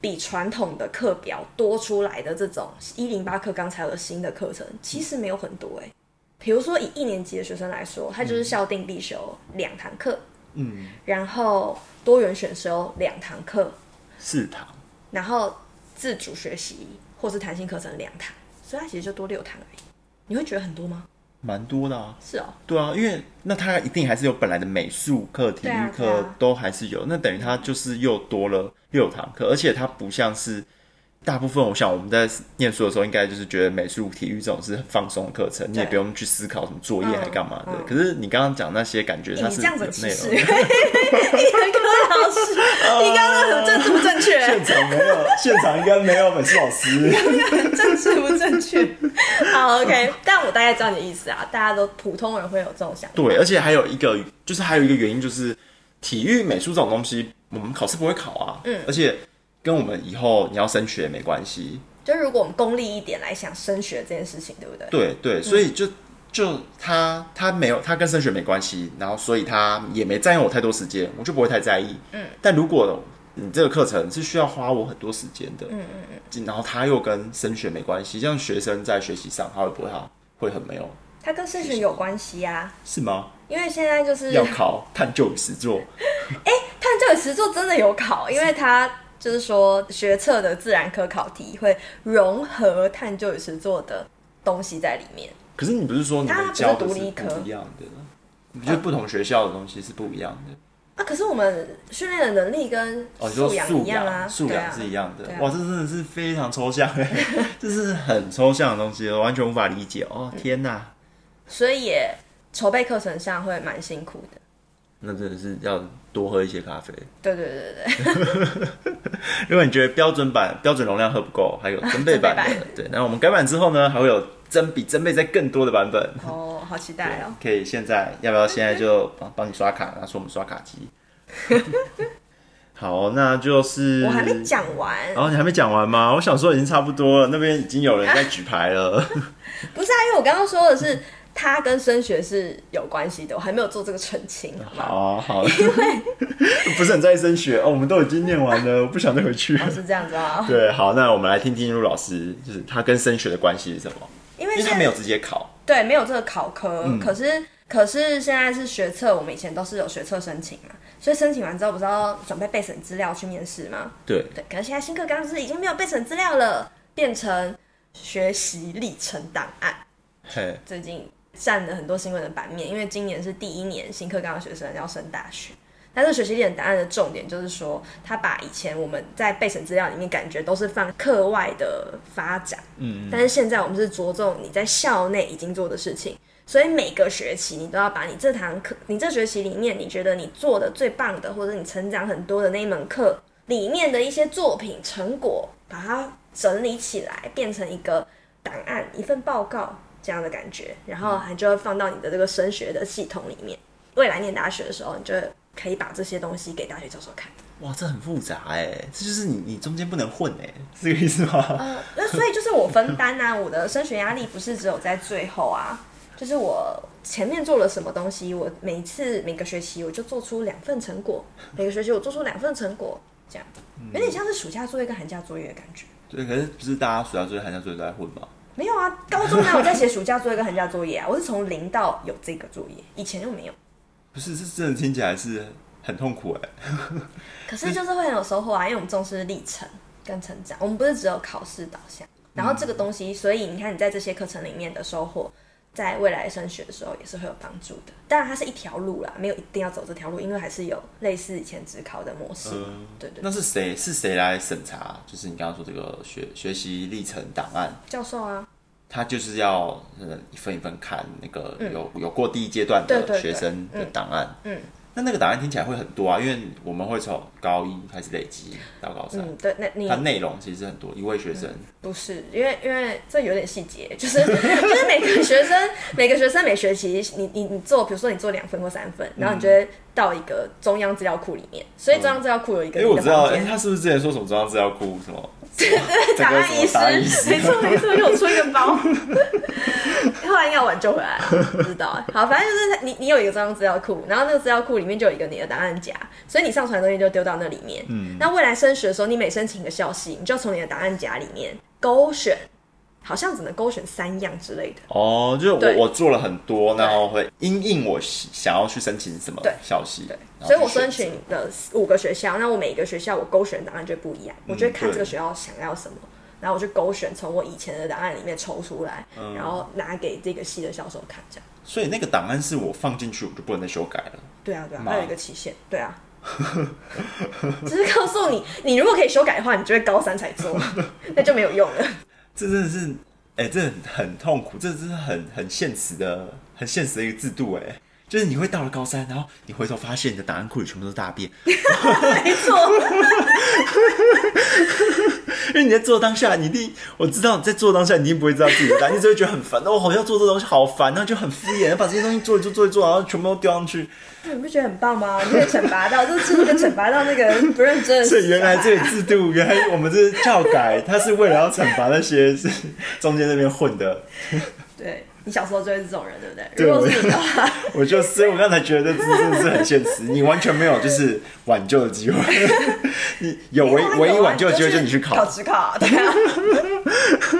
比傳統的課表多出來的這種一零八課綱才有的新的課程其實沒有很多，哎，比如說以一年級的學生來說，他就是校訂必修兩堂課。嗯嗯，然後多元選修兩堂課，四堂，然後自主學習或是彈性課程兩堂，所以它其實就多六堂而已。你會覺得很多嗎？蠻多的啊，是哦，對啊，因為那它一定還是有本來的美術課、體育課都還是有，啊、那等於它就是又多了六堂課，而且它不像是。大部分我想我們在唸書的時候，應該就是覺得美術、體育這種是很放鬆的課程，對你也不用去思考什麼作業還幹嘛的。嗯嗯、可是你剛剛講那些感覺，它是有沒有、欸。語文 容 老師，啊、你剛剛那什麼政治不正確？現場沒有，現場應該沒有美術老師。政治 不正確？好，OK。但我大概知道你的意思啊，大家都普通人會有這種想法。對，而且還有一個，就是還有一個原因就是，體育、美術這種東西，我們考試不會考啊。嗯，而且。跟我們以後你要升學也沒關係，就是如果我們功利一點來想升學這件事情，對不對？對對，對嗯、所以就就他他沒有他跟升學沒關係，然後所以他也沒佔用我太多時間，我就不會太在意。嗯，但如果你這個課程是需要花我很多時間的，嗯嗯嗯，然後他又跟升學沒關係，像學生在學習上他會不會他會很沒有？他跟升學有關係呀、啊，是嗎？因為現在就是要考探究與實作，哎 欸，探究與實作真的有考，因為他。就是說，學測的自然科考題會融合探究與實作的東西在裡面。可是你不是說，它不是理科一樣的？你覺得不同學校的東西是不一樣的？啊、啊，可是我們訓練的能力跟素養一樣、哦、就是素啊，素養是一樣的。啊啊、哇，這真的是非常抽象誒， 這是很抽象的東西，我完全無法理解。哦，天哪！嗯、所以也籌備課程上會蠻辛苦的。那真的是要多喝一些咖啡。對，對對對對。 如果你覺得標準版標準容量喝不夠，還有增倍版的。啊、版對，那我們改版之後呢，還會有增比增倍再更多的版本。哦，好期待哦。可以現在，要不要現在就幫、嗯、哼幫你刷卡，拿出我們刷卡機？ 好，那就是我還沒講完。哦，你還沒講完嗎？我想說已經差不多了，那邊已經有人在舉牌了。啊、不是啊，因為我剛剛說的是。 他跟升學是有關係的，我還沒有做這個澄清，好吧？好、啊，好啊、因為 不是很在意升學哦，我們都已經念完了， 我不想再回去、哦。是這樣子啊、哦？對，好，那我們來聽聽嚕嚕老師，就是他跟升學的關係是什麼？因為，因為他沒有直接考，對，沒有這個考科。嗯、可是可是現在是學測，我們以前都是有學測申請嘛，所以申請完之後，不是要準備備審資料去面試嗎？對，對。可是現在新課綱就是已經沒有備審資料了，變成學習歷程檔案。嘿最近。占了很多新聞的版面，因為今年是第一年新課綱的學生要升大學。但是學習歷程檔案的重點就是說，他把以前我們在備審資料裡面感覺都是放課外的發展，嗯,嗯，但是現在我們是着重你在校內已經做的事情，所以每個學期你都要把你這堂課、你這學期裡面你覺得你做的最棒的，或者你成長很多的那一門課裡面的一些作品成果，把它整理起來，變成一個檔案、一份報告。這樣的感覺，然後還就會放到你的這個升學的系統裡面。嗯、未來念大學的時候，你就可以把這些東西給大學教授看。哇，這很複雜哎，欸，這就是你你中間不能混哎，欸，是這個意思嗎？嗯、呃，那所以就是我分擔啊， 我的升學壓力不是只有在最後啊，就是我前面做了什麼東西，我每次每個學期我就做出兩份成果， 每個學期我做出兩份成果，這樣有點像是暑假作業跟寒假作業的感覺，嗯。對，可是不是大家暑假作業、寒假作業都在混嗎？沒有啊，高中哪有在寫暑假作業跟寒假作業啊，我是從零到有這個作業，以前就沒有。不是，這真的聽起來是很痛苦哎、欸。 可是就是會很有收穫啊，因為我們重視歷程跟成長，我們不是只有考試導向。然後這個東西，所以你看你在這些課程裡面的收穫。在未來升學的時候也是會有幫助的，當然它是一條路啦，沒有一定要走這條路，因為還是有類似以前指考的模式。嗯、對，對對，那是誰？是誰來審查？就是你剛剛說這個學學習歷程檔案，教授啊，他就是要、嗯、分一份一份看那個有、嗯、有過第一階段的學生的檔案，嗯對對對。嗯。嗯那那個檔案，聽起來會很多啊，因為我們會從高一開始累積到高三，嗯、對，那你它內容其實很多一位學生、嗯、不是，因為因為這有點細節，就是 就是每個學生 每個學生每學期你你你做，比如說你做兩分或三分，然後你就會到一個中央資料庫裡面，所以中央資料庫有一個，為、嗯欸、我知道，哎、欸，他是不是之前說什麼中央資料庫什麼？對，對對，檔哇案遺失，沒錯沒錯，又出一個包， 後來應該挽救回來了，不知道。好，反正就是你你有一個中央資料庫，然後那個資料庫裡面就有一個你的檔案夾，所以你上傳的東西就丟到那裡面。嗯，那未來升學的時候，你每申請一個校系，你就要從你的檔案夾裡面勾選。好像只能勾選三樣之類的哦，就是我我做了很多，然後會因應我想要去申請什麼對校系。所以我申請的五個學校，那我每個學校我勾選的檔案就不一樣，我就看這個學校想要什麼，然後我就勾選，從我以前的檔案裡面抽出來，然後拿給這個系的教授看這樣。所以那個檔案是我放進去，我就不能再修改了。對啊對啊，還有一個期限對啊，只是告訴你，你如果可以修改的話，你就會高三才做，那就沒有用了。這真的是，哎、欸，這很很痛苦，這真是很很現實的，很現實的一個制度、欸，哎。就是你會到了高三，然後你回頭發現你的檔案庫裡全部都是大便。 沒錯錯。 因為你在做當下，你一定我知道你在做當下，你一定不會知道樣子的， 你只會覺得很煩。哦，好像做這東西好煩，然後就很敷衍，把這些東西做一做，做一做，然後全部都丟上去。那你不覺得很棒嗎？你可以懲罰到是制度，懲罰 到那個不認真。所以原來這個制度， 原來我們這是教改，它是為了要懲罰那些是 中間那邊混的。 對。你小時候就是這種人，對不對？對，如果是的話，我就所以我剛才覺得這姿真的是很現實，對 你完全沒有就是挽救的機會。 你有唯，唯唯一挽救的機會，就是你去考，考，考，對呀、啊。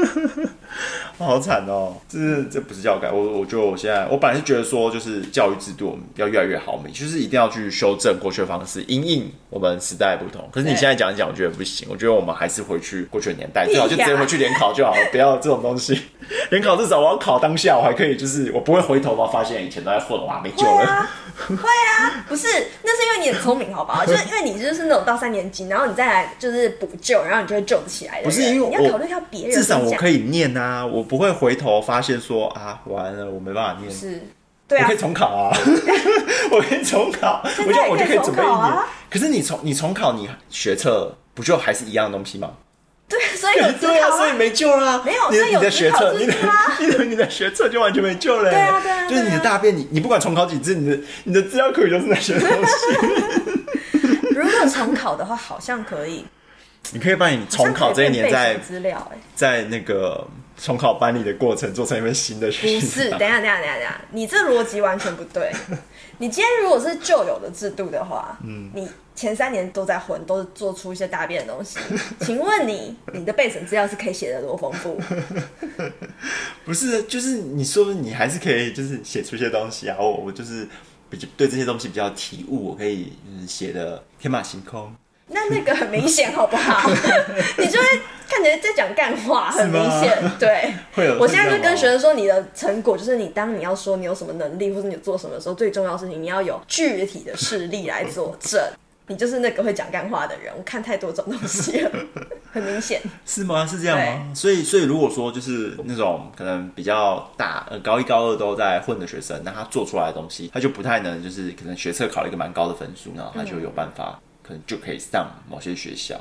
哦、好慘哦！這是這是不是教改？我我覺得我現在我本來是覺得說，就是教育制度要越來越好，我們就是一定要去修正過去的方式。因應我們時代不同，可是你現在講一講，我覺得不行。對我覺得我們還是回去過去的年代，對最好就直接回去聯考就好了，呀不要這種東西。聯考至少我要考當下，我還可以，就是我不會回頭吧，發現以前都在混、啊，哇，沒救了。 會啊，不是，那是因為你很聰明，好不好？ 就是因為你就是那種到三年級，然後你再來就是補救，然後你就會救起來的。不是因為我你要考慮一下別人。至少我可以念啊，我不會回頭發現說啊，完了，我沒辦法念。不是，對啊，我可以重考啊， 我可以重考，我就、啊、 我就可以準備一年。可，啊、可是你重你重考，你學測不就還是一樣的東西嗎？所以對，對啊，所以沒救了啊。沒有，有你在學測，你的學你在，你在學測就完全沒救了對，對啊，對啊。對啊，就是你的大便你你不管重考幾次，你的你的資料可以，都是那些東西。 如果重考的話，好像可以。你可以把你重考這一年在資料哎，在那個重考班裡的過程做成一份新的學習。不是，等下，等下，等下，等下，你這邏輯完全不對。 你今天如果是舊有的制度的話，嗯，你前三年都在混，都是做出一些大便的東西，請問你，你的備審資料是可以寫的多豐富？ 不是，就是你說你還是可以，就是寫出一些東西啊，我我就是比較對這些東西比較體悟，我可以就是寫的天馬行空。 那那個很明顯，好不好？ 你就會看起來在講幹話，嗎很明顯。對，會有我現在就跟學生說，你的成果就是你當你要說你有什麼能力或者你做什麼的時候，最重要的事情你要有具體的事例來作證。 你就是那個會講幹話的人，我看太多這種東西了，很明顯。是嗎？是這樣嗎？對所以，所以如果說就是那種可能比較大呃，高一高二都在混的學生，那他做出來的東西他就不太能，就是可能學測考了一個蠻高的分數，然後他就有辦法、嗯。可能就可以上某些學校，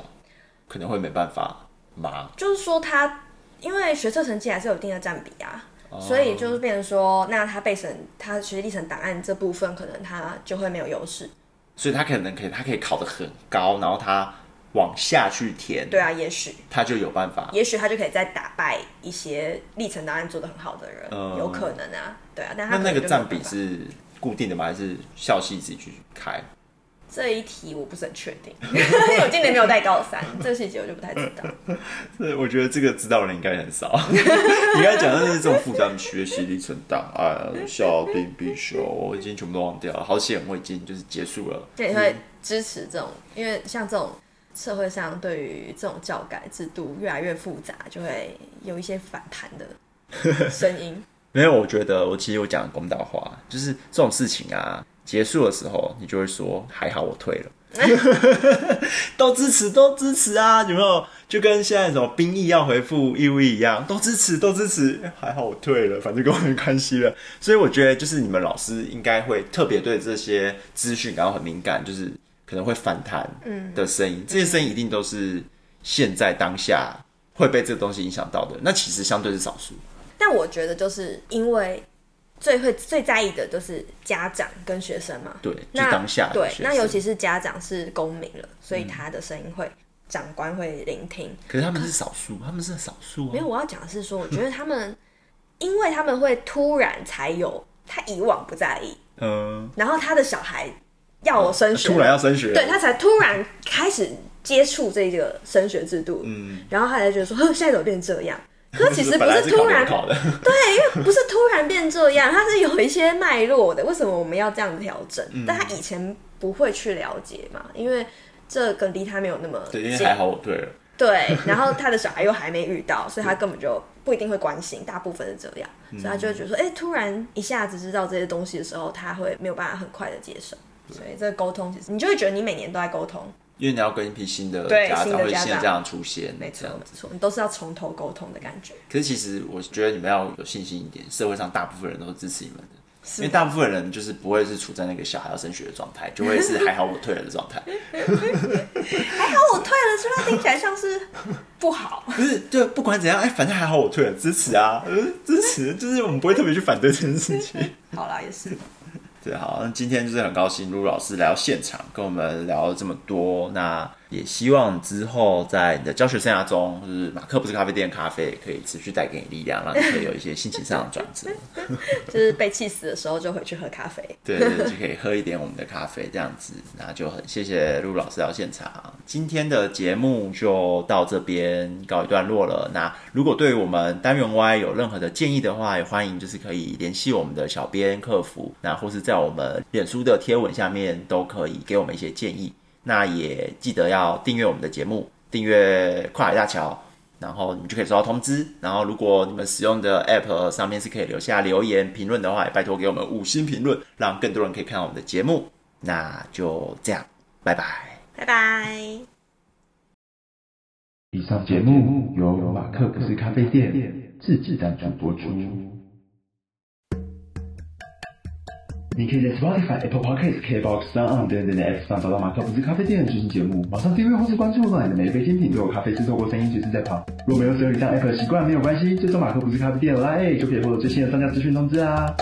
可能會沒辦法嘛？就是說他因為學測成績還是有一定的佔比啊，嗯、所以就是變成說，那他背審他學習歷程檔案這部分，可能他就會沒有優勢。所以他可能可以，他可以考得很高，然後他往下去填。對啊，也許他就有辦法。也許他就可以再打敗一些歷程檔案做得很好的人，嗯、有可能啊，對啊。但他那那個佔比是固定的嗎？還是校系自己去開？這一題我不是很確定， 因為我今年沒有帶高三， 這個細節我就不太知道。所以我覺得這個知道的人應該很少。 你剛才講的是這種複雜的學習歷程檔案、校、哎、校訂必修，我已經全部都忘掉了。好險，我已經就是結束了。對，嗯、會支持這種，因為像這種社會上對於這種教改制度越來越複雜，就會有一些反彈的聲音。 沒有，我覺得我其實我講的公道話，就是這種事情啊。結束的時候，你就會說：“還好我退了，啊、 都支持，都支持啊，有沒有？就跟現在什麼兵役要恢復義務役一樣，都支持，都支持。還好我退了，反正跟我沒關係了。所以我覺得，就是你們老師應該會特別對這些資訊感到很敏感，就是可能會反彈的聲音。嗯、這些聲音一定都是現在、嗯、現在當下會被這個東西影響到的。那其實相對是少數。但我覺得，就是因為。最會最在意的都是家長跟學生嘛？對，那當下的對，那尤其是家長是公民了，所以他的聲音會、嗯、長官會聆聽。可是他們是少數，是他們是少數、啊、沒有，我要講的是說，我覺得他們，哼因為他們會突然才有他以往不在意，嗯，然後他的小孩要升學、啊，突然要升學，對他才突然開始接觸這個升學制度，嗯，然後他才覺得說，呵，現在怎麼變這樣？他其實不是突然，對，因為不是突然變這樣，他是有一些脈絡的。為什麼我們要這樣子調整？但他以前不會去了解嘛，因為這跟離他沒有那麼……對，因為還好，對，對。然後他的小孩又還沒遇到，所以他根本就不一定會關心，大部分是這樣，所以他就會覺得說，哎，突然一下子知道這些東西的時候，他會沒有辦法很快的接受。所以這個溝通，其實你就會覺得你每年都在溝通。因為你要跟一批新的家長，新的家長，會新的家長這樣出現，沒錯，沒錯，你都是要從頭溝通的感覺。可是，其實我覺得你們要有信心一點，社會上大部分人都支持你們的，是嗎因為大部分人就是不會是處在那個小孩要升學的狀態，就會是還好我退了的狀態。 還好我退了，這是聽起來像是不好，不是？就不管怎樣，哎，反正還好我退了，支持啊，支持，就是我們不會特別去反對這件事情。 好啦，也是。對，好，那今天就是很高興嚕嚕老師來到現場，跟我們聊了這麼多。那。也希望之後在你的教學生涯中，就是馬克不是咖啡店咖啡，可以持續帶給你力量，讓你可以有一些心情上的轉折。 就是被氣死的時候就回去喝咖啡。 對對，就可以喝一點我們的咖啡這樣子。那就很謝謝嚕嚕老師到現場。今天的節目就到這邊告一段落了。那如果對於我們單元 Y 有任何的建議的話，也歡迎就是可以聯繫我們的小編客服，那或是在我們臉書的貼文下面都可以給我們一些建議。那也記得要訂閱我們的節目，訂閱跨海大橋，然後你們就可以收到通知。然後如果你們使用的 App 上面是可以留下留言評論的話，也拜託給我們五星評論，讓更多人可以看到我們的節目。那就這樣，拜拜，拜拜。以上節目由馬克不是咖啡店自己贊助播出。你可以在 2, Spotify Apple Podcast, K box,、啊、Apple、嗯、Podcasts、KBox、SoundOn 等等的 App 上找到馬克不是咖啡店的最新節目。馬上訂閱或是關注，讓你的每一杯精品都有咖啡師透過聲音隨時在旁。如果沒有使用以上 App 習慣沒有關係，就搜馬克不是咖啡店啦，LINE 就可以獲得最新的商家資訊通知啊。